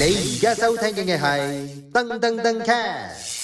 你而家收聽嘅係《燈登登 cast》。.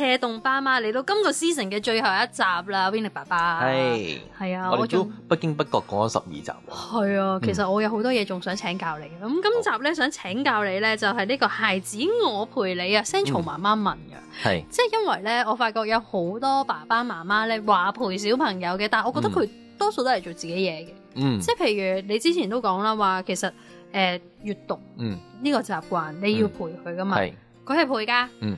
燈登登爸媽嚟到，今個 season 嘅最後一集啦 Vinnie 爸爸係係、hey，啊，我都我不經不覺講咗十二集。係啊、嗯，其實我有好多嘢仲想請教你嘅。咁今集咧、oh。想請教你咧，就係、是、呢個孩子我陪你啊，Central 媽媽問嘅。係、嗯，即係因為咧，我發覺有好多爸爸媽媽咧話陪小朋友嘅，但係我覺得佢多數都係做自己嘢嘅。嗯，即係譬如你之前都講啦，話其實誒閱、呃、讀嗯呢、這個習慣你要陪佢噶嘛，係、佢係陪噶嗯。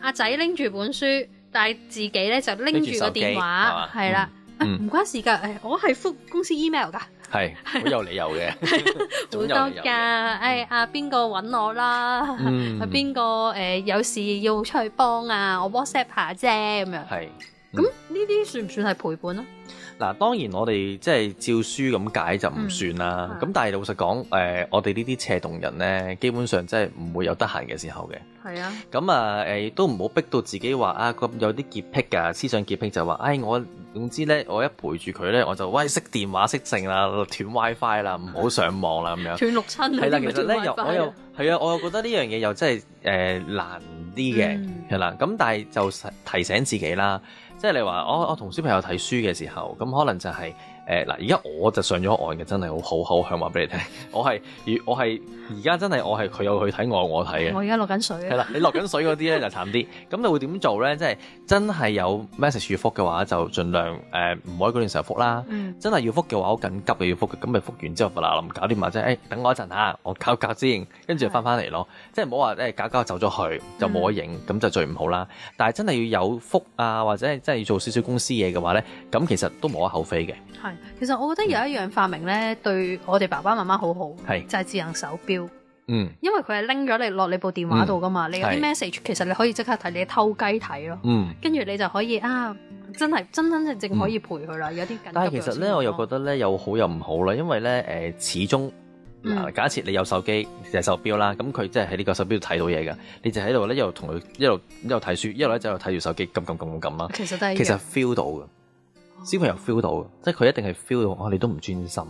阿仔拎住本書，但係自己咧就拎住個電話，係啦，唔、嗯嗯哎、關事噶、哎，我係複公司 email 噶，係好有理由嘅，好 多噶，誒、嗯，阿邊個搵我啦，邊個誒有事要出去幫啊，我 WhatsApp 下啫，咁樣，係，咁呢啲算唔算係陪伴啊？嗱，當然我哋即係照書咁解就唔算啦。咁、嗯、但係老實講，誒、呃、我哋呢啲斜動人咧，基本上真係唔會有得閒嘅時候嘅。係、呃、啊。咁啊誒，都唔好逼到自己話啊，有啲潔癖㗎，思想潔癖就話，哎我總之咧，我一陪住佢咧，我就威熄電話熄剩啦，斷 WiFi 啦，唔好上網啦咁樣。斷六親啊！係啦，其實咧又我又係啊，我又覺得呢樣嘢又真係誒、呃、難。啲嘅，係啦，咁但係就提醒自己啦，即係你話我我同小朋友睇書嘅時候，咁可能就係、是。誒嗱，而家我就上咗岸嘅，真係好好，我想話俾你聽，我係而我係而家真係我係佢有去睇，我我睇嘅。我而家落緊水。係啦，你落緊水嗰啲咧就慘啲，咁你會點做咧？即、就、係、是、真係有 message 要復嘅話，就儘量誒唔、呃、可以嗰段時候復啦。嗯、真係要復嘅話，好緊急嘅要復，咁咪復完之後，嗱，諗搞掂埋。即、欸、誒，等我一陣嚇，我搞搞先，跟住翻翻嚟咯。即係唔好話誒搞搞走咗去就冇得影，咁、嗯、就最唔好啦。但係真係要有復啊，或者真係要做少少公司嘢嘅話咧，咁其實都無可厚非嘅。其實我覺得有一樣發明咧、嗯，對我哋爸爸媽媽好好，係就係、是、智能手表，嗯，因為佢係拎咗你落你部電話度噶嘛、嗯，你有啲 message，其實你可以即刻睇，你的偷雞睇咯，嗯，跟住你就可以啊，真係真真正正可以陪佢啦、嗯，有啲緊急嘅消息。但係其實咧，我又覺得咧有好又唔好啦，因為咧誒、呃，始終、嗯，假設你有手機就係、是、手表啦，咁佢即係喺呢個手表睇到嘢噶，你就喺度咧又同佢一路一路睇書，一路咧就睇住手機撳撳撳撳撳啦，其實都係，其實 feel 到嘅。小朋友 feel 到，即係佢一定係 feel 到，我、啊、哋都唔專心。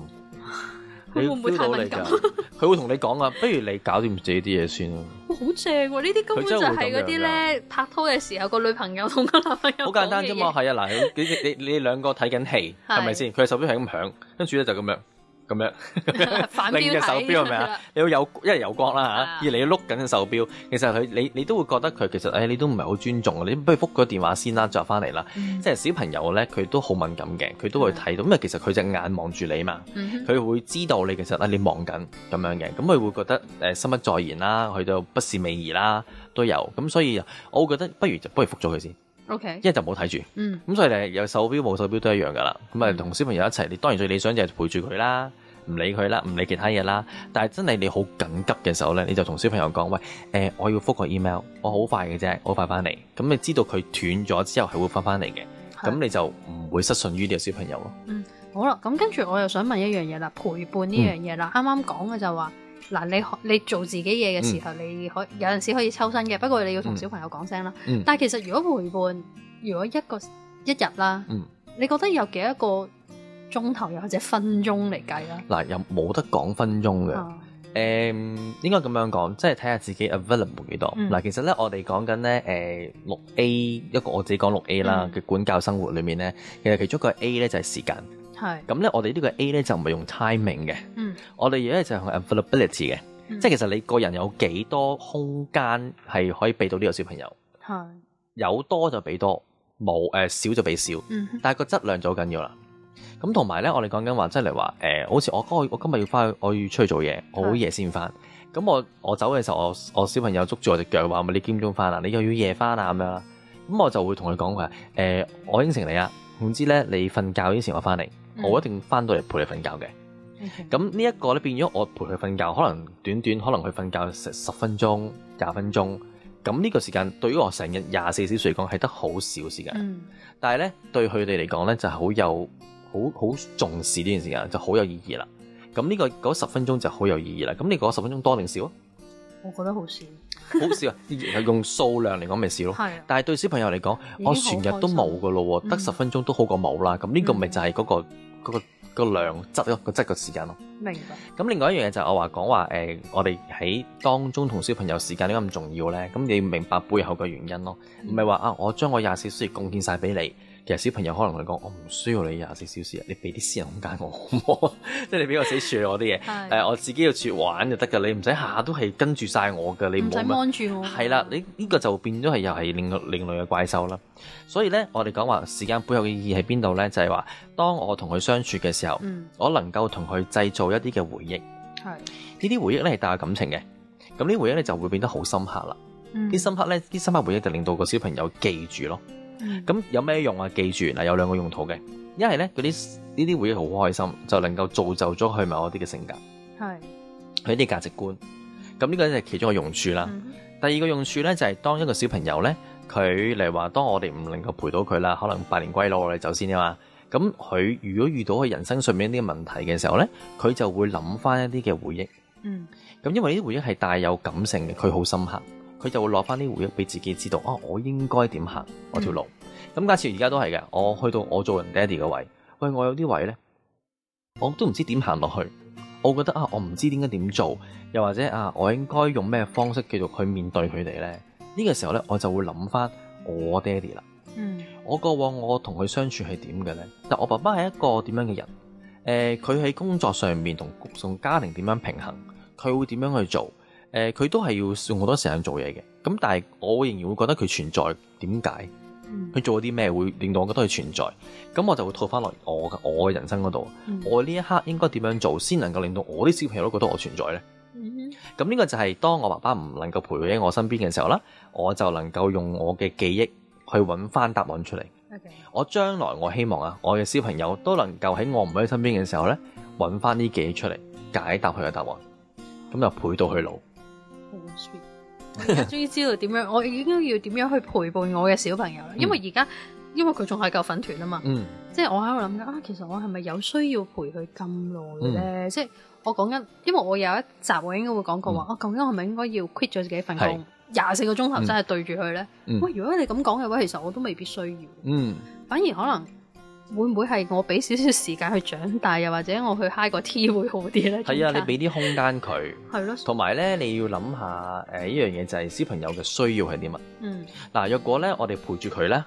佢會唔會太敏感 會你㗎？佢會同你講啊，不如你搞掂自己啲嘢先咯。好正喎，呢啲根本就係嗰啲咧拍拖嘅時候個女朋友同個男朋友好簡單啫嘛，係啊嗱，你你你兩個睇緊戲係咪先？佢嘅手表係咁響，跟住咧就咁樣。咁樣拎嘅 手表係咪啊？是是 你要有一日有光啦吓，二嚟要碌緊嘅手表，其實佢你你都會覺得佢其實誒、哎，你都唔係好尊重。你不如覆個電話先啦，再翻嚟啦。嗯、即係小朋友咧，佢都好敏感嘅，佢都會睇到、嗯，因為其實佢隻眼望住你嘛，佢、嗯、會知道你其實你望緊咁樣嘅，咁、嗯、佢、嗯、會覺得誒心不在焉啦，去到不是美儀啦，都有咁。所以我會覺得不如就不如覆咗佢先。OK，一就冇睇住，咁、嗯、所以你有手錶冇手錶都一樣噶啦。咁啊，同小朋友一齊，你當然最理想就係陪住佢啦，唔理佢啦，唔理，理其他嘢啦。但係真係你好緊急嘅時候呢，你就同小朋友講，喂誒、呃，我要復個 email，我好快嘅啫，好快翻嚟。咁你知道佢斷咗之後係會翻翻嚟嘅，咁你就唔會失信於呢個小朋友咯。嗯，好啦，咁跟住我又想問一樣嘢啦，陪伴呢樣嘢啦，啱啱講嘅就話、是。嗱，你你做自己嘢嘅時候，你可有陣時可以抽身嘅，不過你要同小朋友講聲啦。但係其實如果陪伴，如果一個一日啦，你覺得有幾多個鐘頭，又或者分鐘嚟計啦？嗱，又冇得講分鐘嘅，誒應該咁樣講，即係睇下自己 available 有幾多。嗱，其實咧我哋講緊咧誒六 A 一個，我自己講六 A 啦嘅管教生活裡面咧，其實其中一個 A 咧就係時間。係咁咧，我哋呢個 A 咧就唔係用 timing 嘅，我哋而家就用 availability 嘅，嗯，即係其實你個人有幾多空間係可以俾到呢個小朋友，係、嗯、有多就俾多，冇誒少就俾少，嗯，但係個質量就好緊要啦。咁同埋咧，我哋講緊話即係例如話誒，好似我我今日要翻去，我要出去做嘢，我好夜先翻。咁、嗯、我我走嘅時候，我我小朋友捉住我隻腳話，咪、嗯、你幾點鐘翻啊？你又要夜翻啊？咁樣咁我就會同佢講佢話，誒、呃，我應承你啊。總之咧，你瞓覺之前我翻嚟、嗯，我一定翻到嚟陪你瞓覺嘅。咁、嗯、呢一個咧，變咗我陪佢瞓覺，可能短短，可能佢瞓覺十十分鐘、廿分鐘。咁呢個時間對於我成日廿四小時嚟講係得好少時間，嗯、但係咧對佢哋嚟講咧就好有好好重視呢段時間，就好有意義啦。咁呢、呢個嗰十分鐘就好有意義啦。咁你講十分鐘多定少啊？我覺得好少。 好笑啊，係用數量嚟講咪少咯，啊、但係對小朋友嚟講，我全日都冇噶咯，得、嗯、十分鐘都好過冇啦。咁呢個咪就係嗰、嗰個、嗯嗰個、嗰個量質咯，個質個時間咯。明白。咁另外一樣嘢就係我話講話，誒、呃，我哋喺當中同小朋友時間點解咁重要呢？咁你明白背後嘅原因咯。唔係話啊，我將我廿四小時貢獻晒俾你。其實小朋友可能佢講，我唔需要你廿四小時啊，你俾啲私人空間我好唔好？即 係你俾我死處我啲嘢、 呃，我自己要處玩就得噶，你唔使下都係跟住晒我噶，你唔使望住我。係啦，你呢、這個就變咗係又係另另類嘅怪獸啦。所以咧，我哋講話時間背後嘅意義喺邊度咧？就係、是、話，當我同佢相處嘅時候、嗯，我能夠同佢製造一啲嘅回憶，呢、嗯、啲回憶咧係帶有感情嘅，咁呢回憶咧就會變得好深刻啦。啲、嗯、深刻咧，啲深刻回憶就令到個小朋友記住咯。咁、嗯、有咩用啊？記住嗱，有兩個用途嘅，一係咧嗰啲呢啲回憶好開心，就能夠造就咗佢某一啲嘅性格，係佢啲價值觀。咁呢個就係其中嘅用處啦、嗯。第二個用處咧就係、是、當一個小朋友咧，佢嚟話當我哋唔能夠陪到佢啦，可能百年歸老我哋走先啊嘛。咁佢如果遇到佢人生上面一啲嘅問題嘅時候咧，佢就會諗翻一啲嘅回憶。嗯，咁因為啲回憶係帶有感性嘅，佢好深刻。佢就會攞翻啲回憶俾自己知道，啊，我應該點行我條路。咁假設而家都係嘅，我去到我做人爹哋嘅位，喂，我有啲位呢，我都唔知點行落去。我覺得啊，我唔知點解點做，又或者啊，我應該用咩方式繼續去面對佢哋呢？呢、呢個時候呢，我就會諗翻我爹哋啦。嗯，我過往我同佢相處係點嘅呢？但我爸爸係一個點樣嘅人？誒、呃，佢喺工作上面同同家庭點樣平衡？佢會點樣去做？誒、呃、佢都係要用好多時間做嘢嘅，咁但係我仍然會覺得佢存在點解？佢、嗯、做啲咩會令到我覺得佢存在？咁我就會套翻落我我嘅人生嗰度，嗯，我呢一刻應該點樣做先能夠令到我啲小朋友都覺得我存在呢？咁、嗯、呢個就係當我爸爸唔能夠陪佢喺我身邊嘅時候啦，我就能夠用我嘅記憶去揾翻答案出嚟。Okay. 我將來我希望啊，我嘅小朋友都能夠喺我唔喺身邊嘅時候呢，揾翻啲記憶出嚟解答佢嘅答案，咁就陪到佢老。好 sweet！我而家終於知道點樣， 我應該要點樣去陪伴我嘅小朋友啦。因為而家，因為佢仲係嚿粉團啊嘛，即、嗯、係、就是、我喺度諗緊啊。其實我係咪有需要陪佢咁耐咧？即係我講緊，因為我有一集我應該會講過話、嗯，我究竟我係咪應該要 quit 咗自己份工，廿四個鐘頭真係對住佢咧？喂，如果你咁講嘅話，其實我都未必需要、嗯，反而可能。會唔會係我俾少少時間去長大，又或者我去嗨個 T 會好啲咧？係啊，你俾啲空間佢，係 咯。同埋咧，你要諗下誒呢樣嘢就係小朋友嘅需要係點乜？嗯。嗱、啊，若果咧我哋陪住佢咧，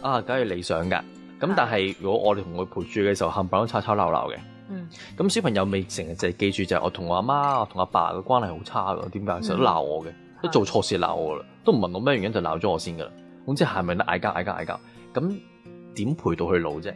啊，梗係理想㗎。咁但係如果我哋同佢陪住嘅時候，冚唪唥吵吵鬧鬧嘅，嗯。咁小朋友未成日就係記住就係我同我阿媽、同阿爸嘅關係好差㗎，點解成日都鬧我嘅、嗯，都做錯事鬧我啦，都唔問我咩原因就鬧咗我先㗎啦。總之係咪咧嗌交、嗌交、嗌交咁？點陪到佢老啫？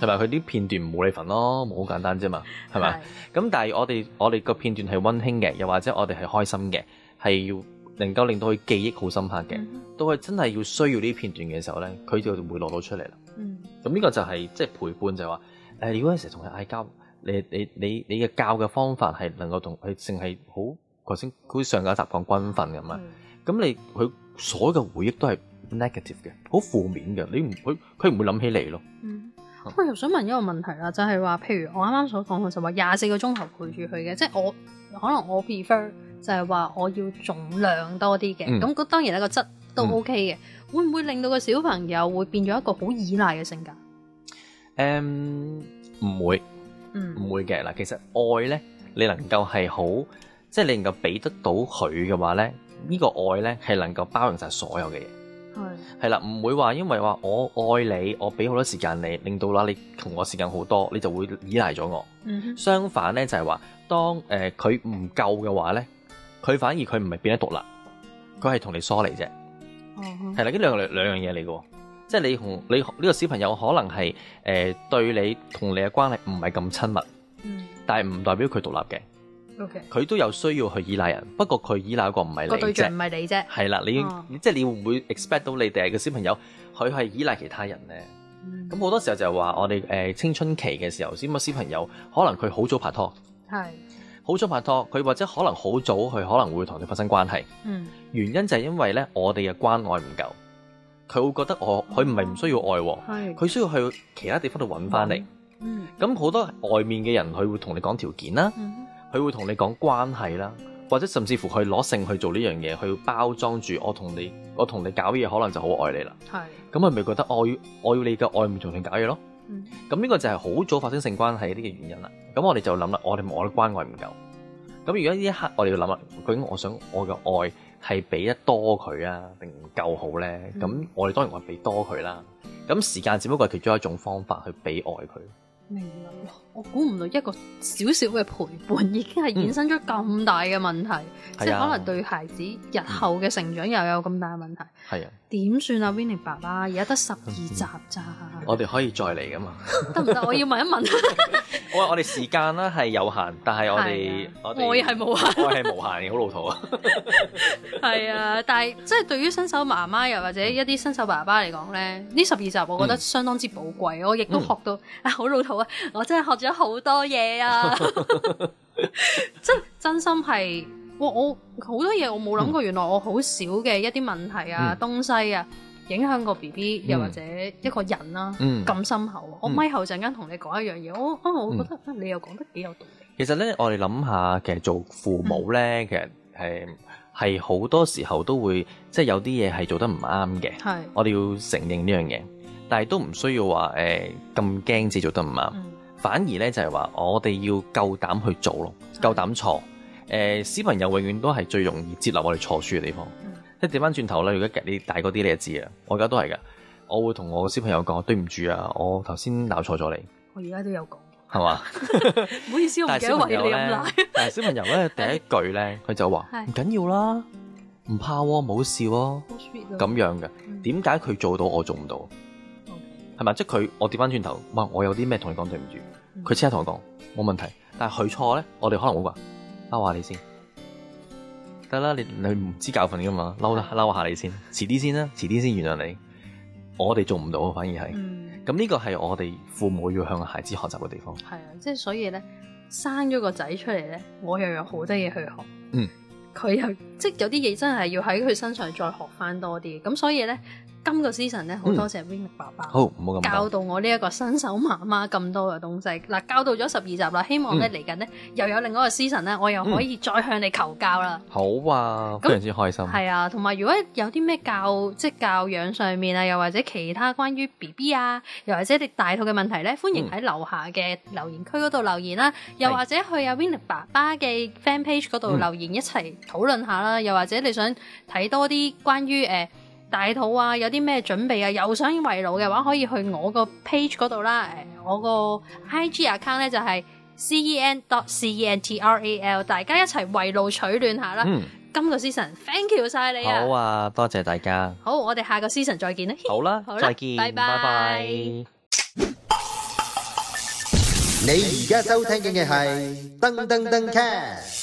係咪佢啲片段唔冇你份咯，冇好簡單啫嘛，係咪？咁但係我哋我哋個片段係溫馨嘅，又或者我哋係開心嘅，係要能夠令到佢記憶好深刻嘅、嗯。到佢真係要需要呢啲片段嘅時候咧，佢就會攞到出嚟啦。咁、嗯、呢個就係即係陪伴就是說，就係話誒，如果成日同佢嗌交，你你你你嘅教嘅方法係能夠同佢淨係好頭先嗰上架習慣軍訓咁樣，咁、嗯、你佢所有嘅回憶都係。negative 嘅，好負面嘅。你唔會佢佢唔會諗起你咯。嗯，我又想問一個問題啦，就係話，譬如我啱啱所講嘅就話，廿四個鐘頭陪住佢嘅，即係我可能我 prefer 就係話我要重量多啲嘅。咁、嗯，咁當然呢個質都 OK 嘅、嗯，會唔會令到個小朋友會變咗一個好依賴嘅性格？誒、嗯、唔、嗯、會，嗯唔會嘅嗱。其實愛咧，你能夠係好，即、就、係、是、你能夠俾得到佢嘅話咧，呢、這個愛咧係能夠包容晒所有嘅嘢。係啦，唔會話，因為話我愛你，我俾好多時間你，令到啦你同我時間好多，你就會依賴咗我、嗯。相反呢，就係、是呃、話當誒佢唔夠嘅話呢，佢反而佢唔係變得獨立，佢係同你疏離啫。係、嗯、啦，呢兩兩樣嘢嚟嘅，即、就、係、是、你同你呢、這個小朋友可能係誒、呃、對你同你嘅關係唔係咁親密，嗯、但係唔代表佢獨立嘅。佢、okay. 都有需要去依賴人，不過佢依賴個唔係你啫，個對象唔係你啫，係啦，你、oh. 即係你會唔會 expect 到你第日嘅小朋友佢係依賴其他人呢。咁、mm-hmm. 好多時候就係話我哋誒青春期嘅時候，先啊小朋友可能佢好早拍拖，係、yes. 好早拍拖，佢或者可能好早佢可能會同你發生關係，嗯、mm-hmm.，原因就係因為呢，我哋嘅關愛唔夠，佢會覺得我佢唔係唔需要愛，喎，佢需要去其他地方度揾翻你。嗯，咁好多外面嘅人佢會同你講條件啦。Mm-hmm. 佢會同你講關係啦，或者甚至乎佢攞性去做呢樣嘢，去包裝住我同你，我同你搞嘢可能就好愛你啦。係，咁佢咪覺得我，我要你嘅愛唔重從搞嘢咯？嗯，咁呢個就係好早發生性關係呢個原因啦。咁我哋就諗啦，我哋愛關愛唔夠。咁如果呢一刻我哋要諗啦，究竟我想我嘅愛係俾得多佢啊，定唔夠好咧？咁、嗯、我哋當然話俾多佢啦。咁時間只不過係其中一種方法去俾愛佢。能我估唔到一個小小嘅陪伴，已經係衍生咗咁大嘅問題，嗯、即係可能對孩子日後嘅成長又有咁大嘅問題。係啊。點算啊，Vinny 爸爸，而家得十二集咋？我哋可以再嚟噶嘛？得唔得？我要問一問。 我我哋時間啦係有限，但係我哋、啊、我亦係無限， 我係無限嘅，好老土啊。係 啊，但係即係對於新手媽媽又或者一啲新手爸爸嚟講咧，呢十二集我覺得相當之寶貴、嗯，我亦都學到、嗯、啊，好老土。我真係學咗好多嘢啊！ 真真心係，我很多東西我好多嘢我冇諗過，原來我好少嘅一啲問題啊、嗯，東西啊，影響個 B B、嗯、又或者一個人啦、啊，咁、嗯、深厚、啊嗯。我咪後陣間同你講一樣嘢、嗯，我我覺得你又講得幾有道理。其實咧，我哋諗下，其實做父母咧、嗯，其實係係好多時候都會，即、就、係、是、有啲嘢係做得唔啱嘅。係我哋要承認呢樣嘢。但係都唔需要話誒咁驚自己做得唔啱，反而咧就係、是、話我哋要夠膽去做咯，嗯、夠膽錯。誒、嗯、小、呃、朋友永遠都係最容易接納我哋錯輸嘅地方。嗯、即係掉翻轉頭啦，如果你大個啲你就知啦，我而家都係噶，我會同我嘅小朋友講對唔住啊，我頭先鬧錯咗你。我而家都有講，係嘛？唔好意思，我唔記得為你飲奶。但係小朋友咧 第一句咧，佢就話唔緊要啦，唔怕冇、啊、事喎、啊，咁、啊、樣嘅點解佢做到我做唔到？係咪？即係佢，我調翻轉頭，話我有啲咩同你講，對唔住。佢即刻同我講，冇問題。但係佢錯咧，我哋可能會話，嬲下你先，得啦，你你唔知教訓噶嘛，嬲啦，嬲下你先，遲啲先啦，遲啲先原諒你。我哋做唔到，反而係。咁、嗯、呢個係我哋父母要向孩子學習嘅地方。係啊，即係所以咧，生咗個仔出嚟咧，我又有好多嘢去學。嗯。佢又即係有啲嘢真係要喺佢身上再學翻多啲。咁所以咧。今、這個 season 咧，好多謝 Winnie 爸爸、嗯哦、教導我呢一個新手媽媽咁多嘅東西。嗱，教到咗十二集啦，希望咧嚟緊咧又有另外一個 season 咧，我又可以再向你求教啦。好、嗯、啊，非常之開心。係啊，同埋如果有啲咩教即教養上面啊，又或者其他關於 BB 啊，又或者你大肚嘅問題咧，歡迎喺樓下嘅留言區嗰度留言啦、嗯，又或者去阿 Winnie 爸爸嘅 fan page 嗰度留言、嗯、一齊討論下啦，又或者你想睇多啲關於大肚啊，有啲咩準備啊？又想圍爐嘅話，可以去我個 page 嗰度啦。誒，我個 IG account 咧就係 cen dot c e n t r a l，大家一齊圍爐取暖下啦。嗯，今、這個 season，thank you 曬你好啊，多謝大家。好，我哋下個 season 再見啦。好啦，好啦，再見，拜拜。Bye bye。你而家收聽緊嘅係登登登 cast。